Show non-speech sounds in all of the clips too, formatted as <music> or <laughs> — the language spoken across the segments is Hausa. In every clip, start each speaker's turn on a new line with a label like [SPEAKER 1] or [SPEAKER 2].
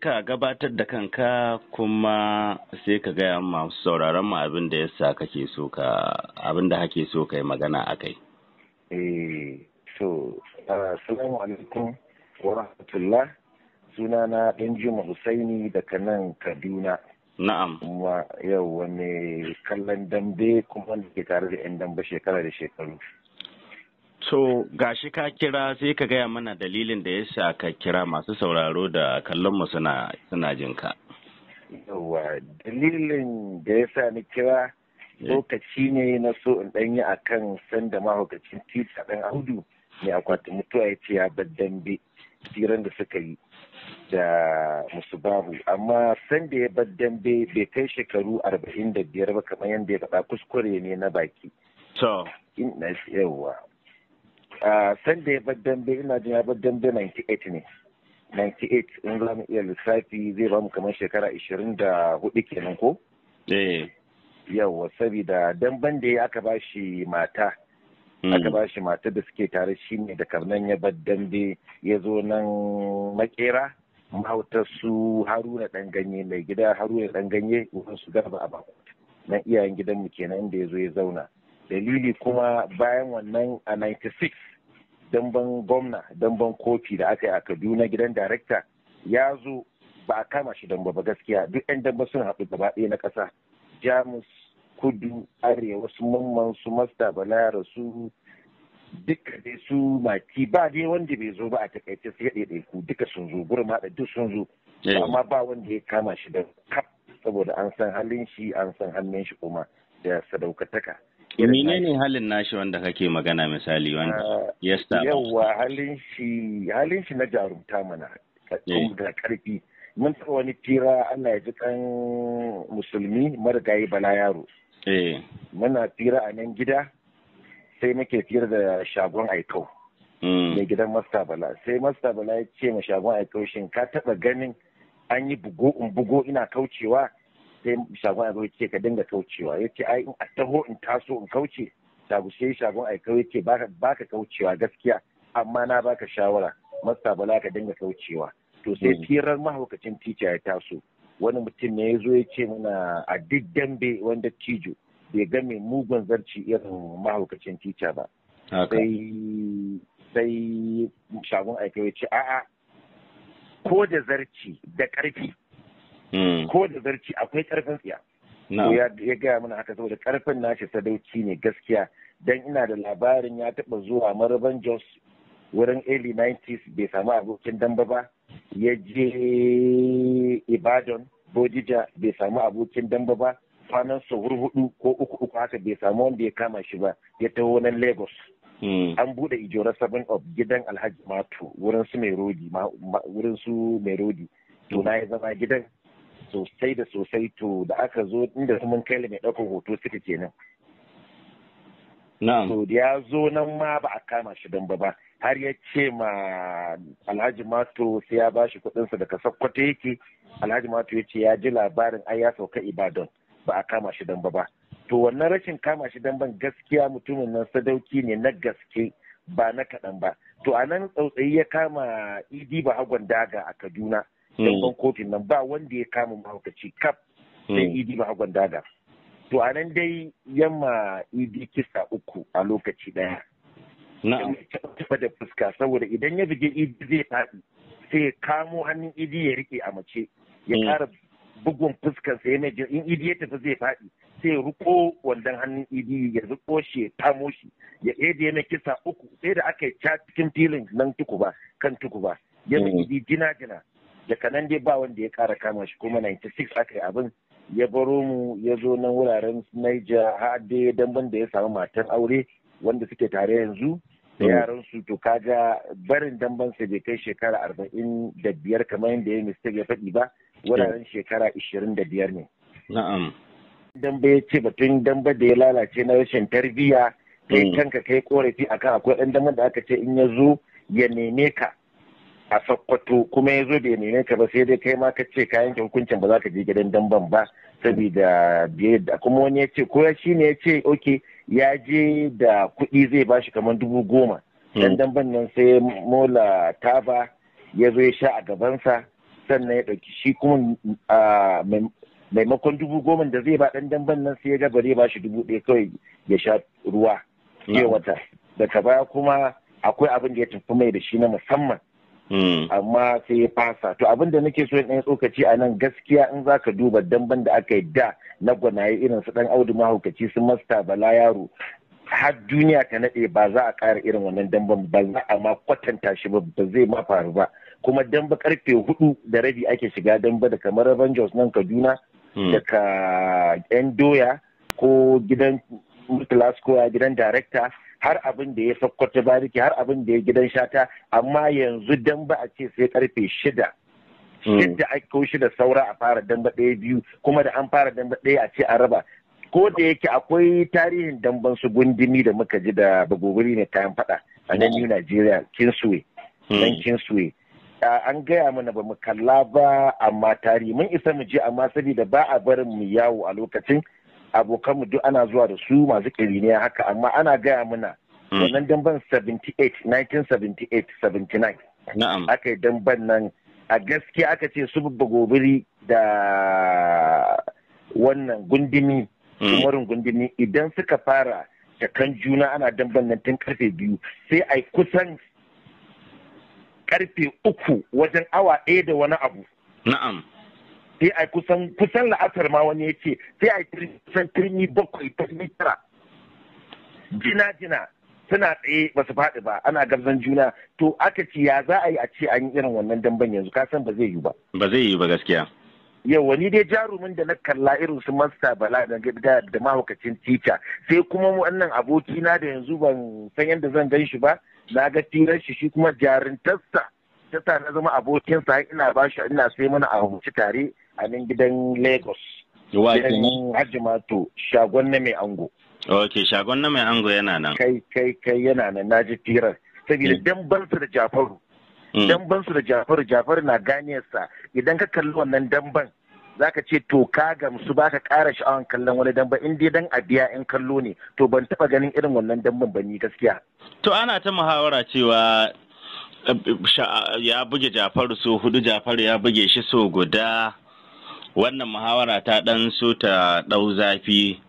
[SPEAKER 1] ka gabatar da kanka kuma sai ka gaya masu sauraron mu abin da yasa kake so ka abin da kake so kai magana akai.
[SPEAKER 2] Eh so uh, assalamu alaikum wa rahmatullah sunana Juma Husaini daga nan Kaduna. Na'am. Kuma yau wani kallon dambe kuma ke tare da 'yan dambe shekara da shekaru.
[SPEAKER 1] So gashi ka kira sai ka gaya mana dalilin da ya sa ka kira masu sauraro da kallon mu suna jin ka.
[SPEAKER 2] Yawwa dalilin da ya sa ni kira eh. lokaci ne na so in ɗanyi a kan sanda mahaukacin a ɗan audu mai akwatin mutuwa ya ce ya dambe tsiran da suka yi da musu babu amma sanda ya dambe bai kai shekaru arba'in da biyar ba kamar yadda ya faɗa kuskure ne na baki. So. Ah, sanda ya bar dambe ina jin ya bar dambe 98 ne 98 in za iya lissafi zai ba mu kamar shekara 24 kenan ko? Eh. Yawwa sabida damban da ya aka ba shi mata. Hmm. Aka ba shi mata da suke tare shi ne da karnan ya bar dambe ya zo nan makera mahautar su haruna dan ganye mai gida haruna dan ganye wurin su garba a bako nan iyayen gidanmu kenan inda ya zo ya zauna dalili kuma bayan wannan a 96 damban gwamna damban kofi da aka yi a kaduna gidan darekta ya zo ba a kama shi damba ba gaskiya duk 'yan damba suna haɗu gaba ɗaya na ƙasa jamus kudu arewa su mamman su masta balara su duka dai su maki ba dai wanda bai zo ba a takaice sai ɗaiɗai ku duka sun zo gurin ma duk sun zo eh. amma ba wanda ya kama shi da kaf saboda an san halin shi an san hannun shi kuma da sadaukataka.
[SPEAKER 1] ne halin nashi wanda kake magana misali wanda
[SPEAKER 2] ah, ya saba Yawwa halin shi halin shi na jarumta mana da eh. karfi mun taɓa wani fira ana jikan Musulmi kan musulmi marigayi bala yaro eh. muna fira a nan gida sai muke tira da shagon aiko hmm. mai gidan masta bala sai masta bala ya ce ma shagon aiko shin ka taɓa ganin an yi bugo in bugo ina kaucewa sai shagon abu ce ka dinga kaucewa ya ce ai in a taho in taso in kauce shagu sai shagon ai kawai ce baka kaucewa gaskiya amma na baka shawara masta bala ka dinga kaucewa to sai firar hmm. mahaukacin tica ya taso wani mutum ne ya zo ya ce mana a duk dambe wanda tijo bai ga mai mugun zarci irin mahaukacin tica ba sai sai shagon aika ya ce a'a ko da zarci da karfi. Mm. ko da zarci akwai karfin tsiya ya gaya mana haka saboda karfin nashi sadauci ne gaskiya dan ina da labarin ya taba zuwa maraban jos wurin early 90s bai samu abokin damba ba ya je ibadan bodija bai samu abokin damba ba kwanan sahur hudu ko uku uku haka bai samu wanda ya kama shi ba ya taho nan lagos mm. an bude ijora seven of gidan alhaji mato wurin su mai rodi to na ya zama gidan sosai da sosai to da aka zo inda kuma kai mai ɗaukar hoto suka kenan Na'am. To ya zo nan ma ba a kama shi don ba Har ya ce ma Alhaji Mato sai ya bashi kuɗin sa daga Sokoto yake. Alhaji Mato ya ce ya ji labarin ai ya sauka Ibadan ba a kama shi don ba To wannan rashin kama shi don ban gaskiya mutumin nan sadauki ne na gaske ba na kaɗan ba. To a nan tsautsayi ya kama Idi hagon Daga a Kaduna. Damban hmm. kofin nan ba wanda ya kama mahaukaci kaf sai hmm. idi mahagon dada. To a nan dai yamma idi kisa uku a lokaci daya. Na'am. Tafa da fuska saboda idan ya buge idi zai faɗi sai kamo hannun idi ya rike a mace ya kara hmm. bugun fuskarsa yana jin in idi ya tafi zai faɗi sai ya riko wandan hannun idi ya riko shi ya kamo shi ya ɗaya yana kisa uku sai da aka yi cikin filin nan tukuba kan tukuba yana idi jina jina daga nan dai ba wanda ya kara kama shi kuma 96 aka yi abin ya baro mu ya zo nan wuraren naija har dai damban da ya samu matar aure wanda suke tare yanzu da mm. yaran su to kaga barin damban sa bai kai shekara arba'in da biyar kamar yadda ya mistake ya faɗi ba wuraren shekara ishirin ne. Na'am. Dambe ya ce batun damba da ya lalace na rashin tarbiyya kai mm. kanka kai korafi akan akwai ɗan damban da aka ce in ya zo ya neme ka a sakkwato kuma ya zo bai neme ka ba sai dai kai ma ka ce ka yanke hukuncin ba za ka je gidan damban ba saboda biyar da kuma wani ya ce ko ya shi ne ya ce oke ya je da kuɗi zai ba shi kamar dubu goma hmm. dan damban nan sai mola taba ya zo ya sha a gabansa sannan ya ɗauki shi kuma maimakon dubu goma da zai ba dan damban nan sai ya ga bare ba shi dubu ɗaya kawai ya sha ruwa ya hmm. wata daga baya kuma akwai abin da ya tafi mai da shi na musamman Hmm. amma sai ya fasa to abin da nake so ɗan tsokaci a nan gaskiya in za ka duba damban da aka yi da na gwanaye irin su ɗan audu mahaukaci su masta bala yaro har duniya ta naɗe ba za a ƙara irin wannan damban ba za a ma kwatanta shi ba ba zai ma faru ba kuma damba karfe hudu da rabi ake shiga damba da kamar Avengers nan Kaduna hmm. daga yan doya ko gidan Murtala ko gidan director har abin da ya sakkwata bariki har abin da ya gidan shata amma yanzu dan ba a ce sai karfe shida hmm. shida a ko shida saura a fara dambe ɗaya biyu kuma da an fara dambe ɗaya a ce a raba ko da yake akwai tarihin damban su gundumi da muka ji da bagogori ne kayan faɗa a nan new nigeria Kinsuwe. dan hmm. Kinsuwe. an gaya mana ba mu kalla ba amma tari mun isa mu je amma saboda ba a barin mu yawo a lokacin abokanmu duk ana zuwa da su masu ƙiriniya haka amma ana gaya mana hmm. wannan damban 78 1978 79 aka yi damban nan a gaskiya aka ce su babba gobiri da wannan gundumi hmm. umarin gundumi idan suka fara da kan juna ana damban nan tun karfe biyu sai a kusan karfe uku wajen awa ɗaya da wani abu na'am sai a kusan kusan la'asar ma wani yake sai a kusan turmi bakwai turmi tara jina jina suna tsaye ba su faɗi ba ana garzan juna to aka ce ya za a yi a ce an yi irin wannan damben yanzu ka san ba zai yi ba
[SPEAKER 1] ba zai yi ba gaskiya
[SPEAKER 2] yau wani dai jarumin da na kalla irin su masta bala da da mahaukacin tica sai kuma wannan abokina da yanzu ban san yadda zan gan shi ba na ga tirar shi shi kuma jarintarsa ta sa na zama abokinsa ina ba shi ina sai mana a tare a nan gidan Lagos. Gidan Hajimato shagon na mai ango.
[SPEAKER 1] Ok, shagon na mai ango yana nan.
[SPEAKER 2] Kai kai kai yana nan na ji firar. Saboda mm. dan bansu da Jafaru. Mm. Dan bansu da Jafaru, Jafaru na ganiyarsa idan ka kalli wannan ban za ka ce to ka gamsu ba ka ƙara sha'awar kallon wani damba in dai dan abiya in kallo ne to ban taɓa ganin irin wannan damban ba ni gaskiya.
[SPEAKER 1] To ana ta muhawara cewa eh, eh, ya buge Jafaru so hudu Jafaru ya buge shi so guda wannan muhawara ta ɗan so ta ɗau zafi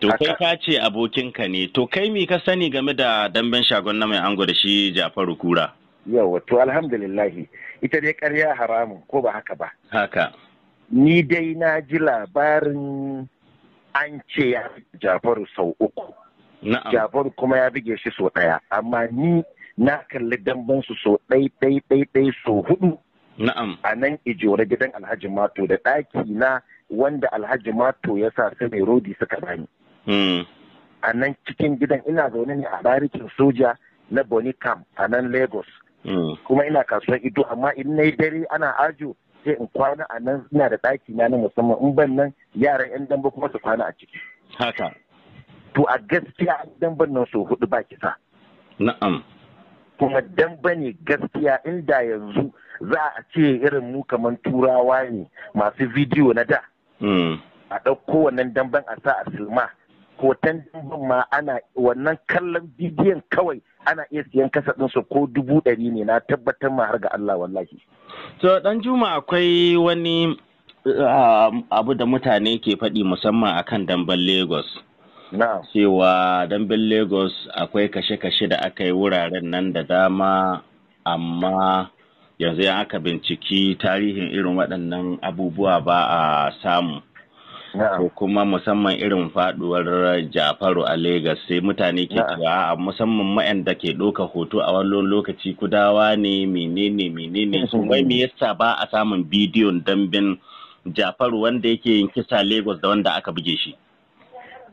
[SPEAKER 1] to kai ka ce abokinka ne to kai mi ka sani game da damben shagon na mai ango da
[SPEAKER 2] shi jafaru kura yawa to alhamdulillahi ita dai karya haramun ko ba haka ba haka ni dai na ji labarin an ce ya jafaru sau uku jafaru kuma ya buge shi sau ɗaya amma ni na kalli damben su sau ɗai ɗai ɗai ɗai sau hudu Na'am. A nan ijore gidan Alhaji Mato da ɗaki na wanda Alhaji Mato ya sa sai rodi suka bani. Hmm. A nan cikin gidan ina zaune ne a barikin soja na Bonicam a nan Lagos.
[SPEAKER 1] Hmm. Kuma
[SPEAKER 2] ina kasuwar ido amma in na dare ana ajo sai in kwana a nan ina da ɗaki na na musamman in ban nan yaran 'yan dambe kuma su kwana a ciki. Haka. To a gaskiya damben nan su hudu ba kisa. Na'am. Kuma damba ne gaskiya inda yanzu za a ce irin mu kamar turawa ne masu bidiyo na da hmm. a ɗauko wannan damben a sa a silma hoton damben ma ana wannan kallon bidiyon kawai ana iya siyan kasa ɗinsu ko dubu ɗari ne na tabbatar ma har ga Allah wallahi.
[SPEAKER 1] To ɗan Juma akwai wani um, abu da mutane ke faɗi musamman akan damben Lagos. Cewa damben Lagos akwai kashe-kashe da aka yi wuraren nan da dama amma yanzu ya aka binciki tarihin irin waɗannan abubuwa ba a samu ko kuma musamman irin faduwar jafaru a Legas sai mutane ke cewa a musamman da ke ɗauka hoto a wani lokaci kudawa ne menene menene <laughs> wai me yasa ba a samun bidiyon dambin jafaru wanda yake yin kisa Legas da wanda aka buge shi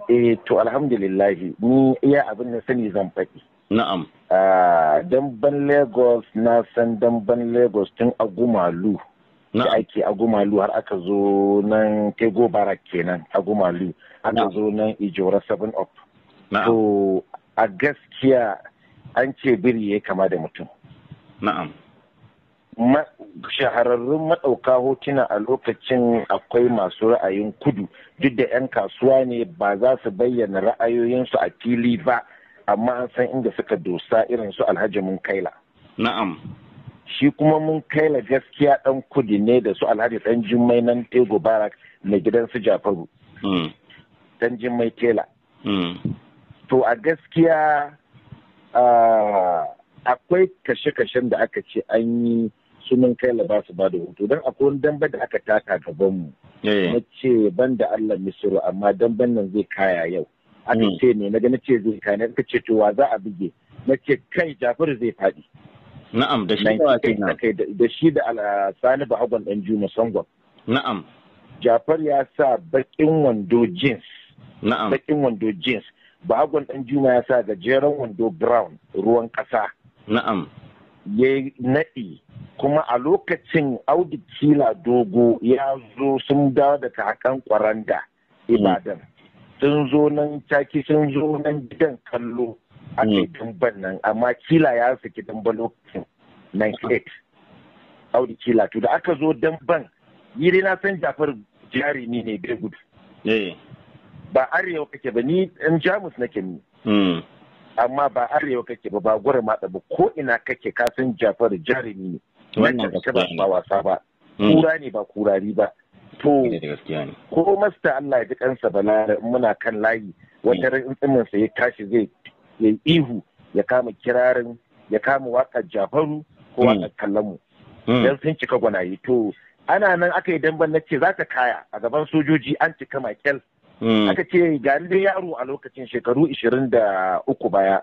[SPEAKER 2] eh to alhamdulillahi ni iya abin da sani zan faɗi Na'am. Damban Lagos na san damban Lagos tun a Gumalu. Da ake a Gumalu har aka zo nan Kego Barak kenan a Aka zo nan Ijora 7 up. na'am To a gaskiya an ce biri ya kama da mutum. Na'am. shahararrun maɗauka hotuna a lokacin akwai masu ra'ayin kudu duk da 'yan kasuwa ne ba za su bayyana ra'ayoyinsu a fili ba amma an san inda suka dosa irin su alhaji mun kaila na'am shi kuma mun kaila gaskiya dan kudi ne da su alhaji dan jimai nan tego barak mai gidan su jafaru dan hmm. jimmai tela hmm. to a gaskiya akwai kashe-kashen da aka ce an yi sunan kaila ba su ba da hoto don akwai wani damba da aka taka gabanmu eh. na ce ban da allah misiro amma damban nan zai kaya yau aka hmm. ce ne na ganin nace zai kai na ce to wa za a buge na ce kai Jafaru zai faɗi
[SPEAKER 1] na'am da shi da
[SPEAKER 2] kai da shi da Sani Bahagon dan Juma Sangon na'am Jafar ya sa bakin wando jeans
[SPEAKER 1] na'am bakin
[SPEAKER 2] wando jeans Bahagon dan Juma ya sa gajeren wando brown ruwan kasa na'am ya naɗi kuma a lokacin Audu Kila Dogo ya zo sun dawo daga hakan kwaranda hmm. Ibadan. sun zo nan caki sun zo nan gidan kallo a hmm. cikin nan amma kila ya saki damba lokacin 98 audi kila to da aka zo damban yi dai na san jafar jari ni ne bai gudu eh. ba arewa kake ba ni ɗan jamus nake ni hmm. amma ba arewa kake ba ba gwara matsa ba ko ina kake ka san jafar jari ni ne wannan ba wasa ba hmm. kura ne ba kurari ba to ko masta Allah ya ji kansa bana muna kan layi wata rintsimin sa ya tashi zai yi ihu ya kama kirarin ya kama wakar jafaru ko mm. kallon kallamu mm. dan sun cika gwanaye to ana nan aka yi damban na ce za ka kaya a gaban sojoji an cika makel mm. aka ce ga yaro a lokacin shekaru ishirin da uku baya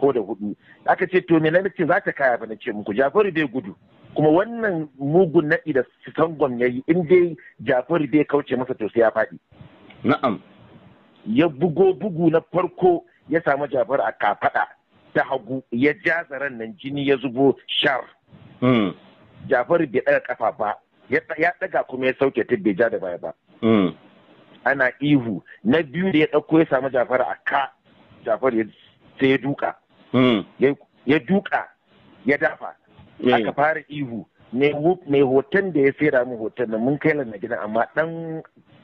[SPEAKER 2] ko da hudu aka ce to me na ce za ka kaya ba na ce muku jafaru bai gudu kuma wannan mugun naɗi da sangon ya yi in dai jafari bai kauce masa to sai ya faɗi na'am ya bugo bugu na farko ya samu jafar a kafaɗa ta hagu ya ja zaren nan jini ya zubo shar hmm. jafar bai ɗaga kafa ba ya ɗaga kuma ya sauke ta bai ja da baya ba hmm. ana ihu na biyu da ya ɗauko ya samu jafar a ka jafar sai ya duka hmm. ya duka ya dafa Eh. aka fara ihu mai hoton da ya fera mu hoton nan mun kai na gidan amma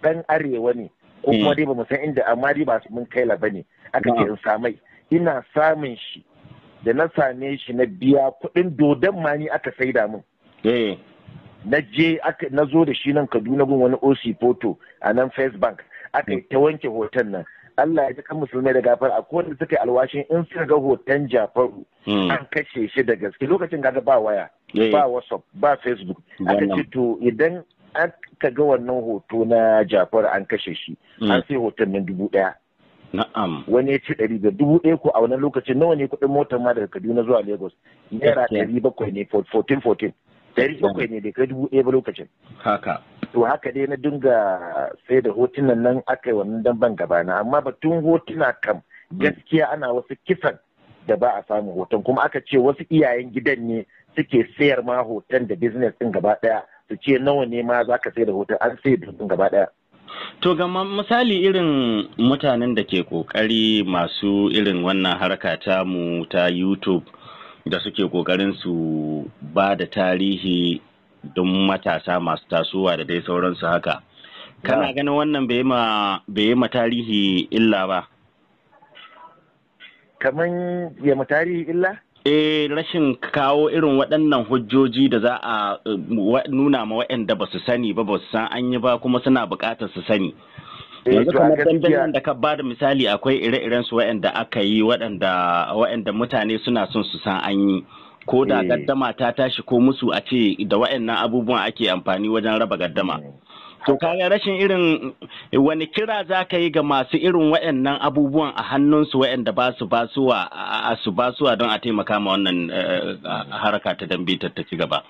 [SPEAKER 2] dan arewa ne ko kuma hmm. dai bamu san inda amma dai ba mun kai ba ne aka ce in samai ina samun shi da na same shi na biya kuɗin dodon ma ni aka saida min eh. na je na zo da shi nan kaduna gun wani oc photo a nan first bank aka ta wanke hoton nan Allah ya kan musulmai da gafar a kowanne suka yi alwashin in suka ga hoton Jafaru hmm. an kashe shi da gaske lokacin kaga ba waya ba WhatsApp ba Facebook aka ce to idan aka ga wannan hoto na Jafaru an kashe shi hmm. an sai hoton nan dubu ɗaya.
[SPEAKER 1] Na'am. Wani
[SPEAKER 2] ya ci ɗari da dubu ɗaya ko a wannan lokacin nawa ne kuɗin motar ma daga Kaduna zuwa Lagos.
[SPEAKER 1] Naira ɗari
[SPEAKER 2] bakwai ne fourteen dari bakwai ne da kai dubu ɗaya ba lokacin haka to haka dai na dinga sai da hotunan nan aka yi wannan damban gabana amma batun hotuna kam hmm. gaskiya ana wasu kisan da ba a samu hoton kuma aka ce wasu iyayen gidan ne suke sayar ma hoton da business din gaba daya su ce nawa ne ma za ka sai da hoton an sai da gaba daya
[SPEAKER 1] To ga misali irin mutanen da ke kokari masu irin wannan harka ta mu ta YouTube da suke kokarin su ba da tarihi don matasa masu tasowa da dai sauransu haka kana ganin wannan bai yi ma tarihi illa ba
[SPEAKER 2] Kamar ya ma tarihi illa
[SPEAKER 1] eh rashin kawo irin waɗannan hujjoji da za a eh, nuna ma waɗanda ba su sani ba ba su san an yi ba kuma suna buƙatar su sani
[SPEAKER 2] Eh, yanzu kamar dandanan
[SPEAKER 1] da ka ba da misali akwai ire-iren su waɗanda aka yi waɗanda mutane suna son su san an yi ko da eh. gaddama ta tashi ko musu a ce da waɗannan abubuwan ake amfani wajen raba gaddama eh. to kaga rashin irin wani kira za ka yi ga masu irin waɗannan abubuwan a hannunsu waɗanda ba su basuwa su basuwa don a taimaka ma wannan haraka ta dambe ta ci gaba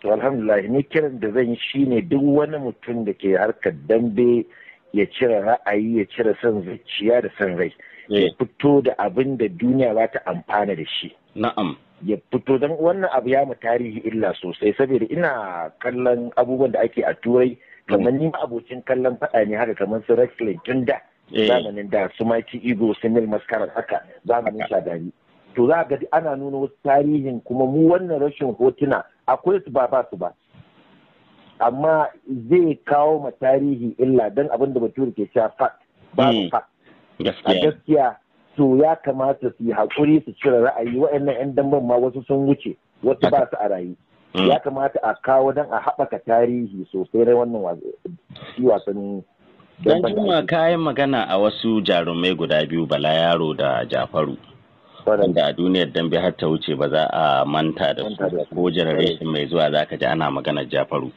[SPEAKER 2] to alhamdulillah ni kiran da zan yi shine duk wani mutum da ke harkar dambe ya cire ra'ayi ya cire son zuciya da son rai ya eh. fito da abin da duniya za ta amfana da shi na'am ya fito don wannan abu ya mu tarihi illa sosai saboda ina kallon abubuwan da ake a turai kamar mm. ni abocin kallon faɗa ne haka kamar su wrestling tun da eh. zamanin da su mighty ego su mil maskarar haka zamanin shadari to za ga ana nuna wasu tarihin kuma mu wannan rashin hotuna akwai su ba ba su ba amma zai kawo ma tarihi illa don abin da mutum ke cewa ba babu hmm. fat a gaskiya to ya kamata su yi haƙuri su cire ra'ayi waɗannan 'yan damban ma wasu sun wuce wasu ba su a rayu hmm. ya kamata a kawo don a haɓaka tarihi sosai rai wannan wasanni don juma
[SPEAKER 1] kayan magana a wasu jarumai guda biyu bala yaro da jafaru wanda a duniyar dambe har ta wuce ba za a manta da su ko generation mai zuwa za ka ji ana maganar jafaru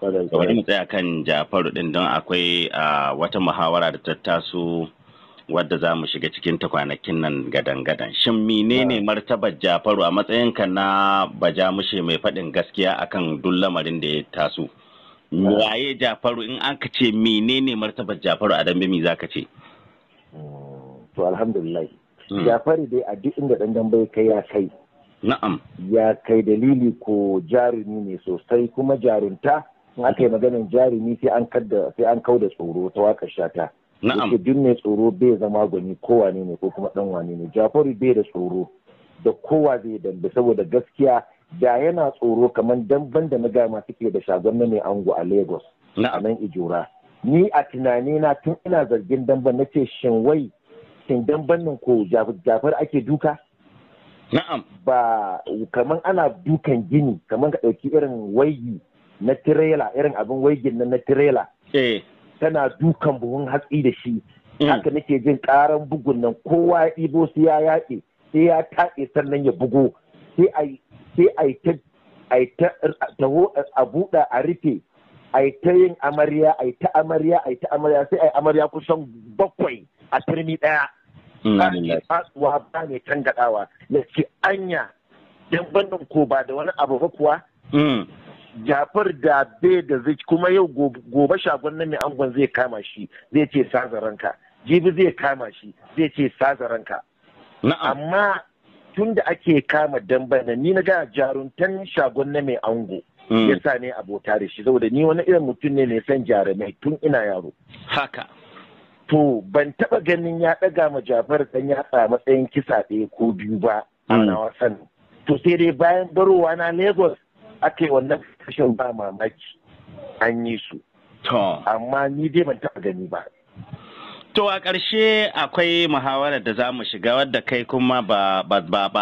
[SPEAKER 1] bari mu tsaya kan jafaru din don akwai wata muhawara da ta taso wadda za mu shiga cikin ta kwanakin nan gadan-gadan shin menene martabar jafaru a matsayinka na mushe mai faɗin gaskiya akan duk lamarin da ya taso waye jafaru in an ka ce menene martabar jafaru a dambe mi zaka ce to alhamdulillah hmm.
[SPEAKER 2] jafaru dai a duk inda dan dambe kai ya kai na'am ya kai dalili ko jarumi ne sosai kuma jarunta in aka yi maganin jarumi sai an an kau da tsoro ta wakar shata na'am duk mai tsoro bai zama gwani kowane ne ko kuma dan wane ne jafaru bai da tsoro da kowa zai dambe saboda gaskiya da yana tsoro kamar damban da na gama suke da shagon na mai ango a lagos Na'am. nan ijura ni a tunani na tun ina zargin damban na ce shin wai shin damban nan ko jafar ake duka na'am ba kamar ana dukan gini kamar ka ɗauki irin wayi na tirela irin abin waigin na tirela eh. tana dukan buhun hatsi da shi hmm. haka nake jin karan bugun nan kowa ya ɗibo sai ya yaƙe sai ya taƙe sannan ya bugo sai a yi ta a buɗa a rufe a yi ta yin amarya a yi ta amarya a yi ta amarya sai a yi amarya kusan bakwai a turmi ɗaya. tsuwa hmm. ba ne can gaɗawa ya ce anya dan bannin ko ba da wani abu ba kuwa. Hmm. jafar da bai da zai kuma yau gobe shagon nan mai angon zai kama shi zai ce saza jibi zai kama shi zai ce saza ranka amma tun da ake kama dan bana ni na ga jaruntan shagon na mai ango hmm. yasa ne abota da shi saboda ni wani irin mutum ne mai son jarumai tun ina yaro haka to ban taba ganin ya daga ma jafar dan yatsa matsayin kisa ɗaya ko biyu ba
[SPEAKER 1] a hmm. wasan
[SPEAKER 2] to sai dai bayan barowa na lagos aka yi wannan kashin ba mamaki an yi su amma ni dai ban taɓa gani ba
[SPEAKER 1] To a ƙarshe akwai muhawarar da za mu shiga wadda kai kuma ba,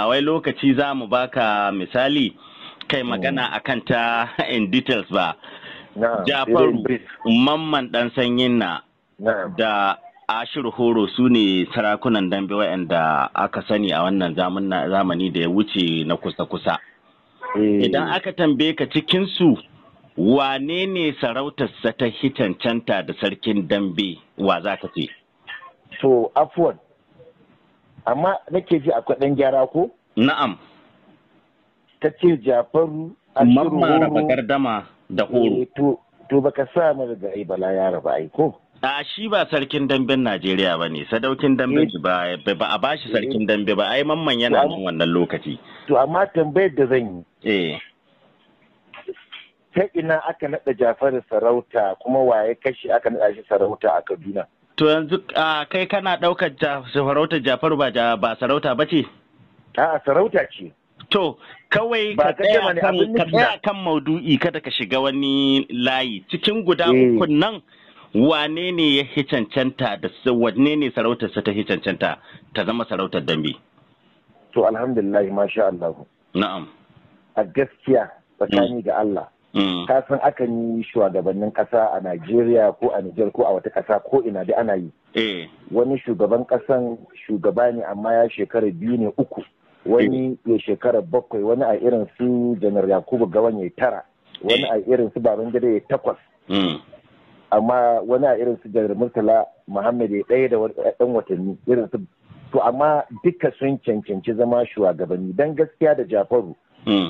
[SPEAKER 1] wai lokaci za mu baka misali kai magana mm. a kanta in details ba. Jafaru mamman ɗan sanyin na da Ashir Horo su ne sarakunan dambe waɗanda aka sani a wannan zamani da ya wuce na kusa-kusa. Eh. Idan aka tambaye ka cikinsu wane ne sarautarsa ta hitancanta da sarkin dambe wa za ka ce?
[SPEAKER 2] To, afuwan, amma nake ji akwai ɗan gyara ko? Na'am. Ta ce Jafaru a Mamma raba
[SPEAKER 1] gardama da horo. Eh,
[SPEAKER 2] to, baka sa mana da ai bala ya raba ai ko?
[SPEAKER 1] A shi ba sarkin damben Najeriya ba ne, sadaukin dambe ba a bashi sarkin dambe ba, ai mamman yana nan wannan lokaci.
[SPEAKER 2] To amma tambayar da zan yi. Eh. Ta ina aka naɗa Jafaru sarauta kuma waye kashi aka naɗa shi sarauta a Kaduna. To yanzu
[SPEAKER 1] kai kana ɗaukar sarauta Jafaru ba ba sarauta ba ce?
[SPEAKER 2] A'a sarauta ce. To, kawai ka tsaya
[SPEAKER 1] kan maudu'i kada ka shiga wani layi cikin guda eh. ukun nan. wane ne ya hi cancanta da wanne ne sarautar ta hi cancanta ta zama sarautar dambe
[SPEAKER 2] to alhamdulillah masha Allah na'am a gaskiya tsakani mm. ga Allah mm. ka san akan yi shugabannin kasa a Najeriya ko a Nijar ko a wata kasa ko ina da ana yi eh. wani shugaban kasan shugaba ne amma ya shekara biyu ne uku wani eh. ya shekara bakwai wani a irin su janar yakubu gawan ya tara wani eh. a irin su baban ya takwas mm. amma wani a irin su janar murtala muhammad ya ɗaya da ɗan watanni irin su to amma duka sun cancanci zama shugabanni don gaskiya da jafaru
[SPEAKER 1] hmm.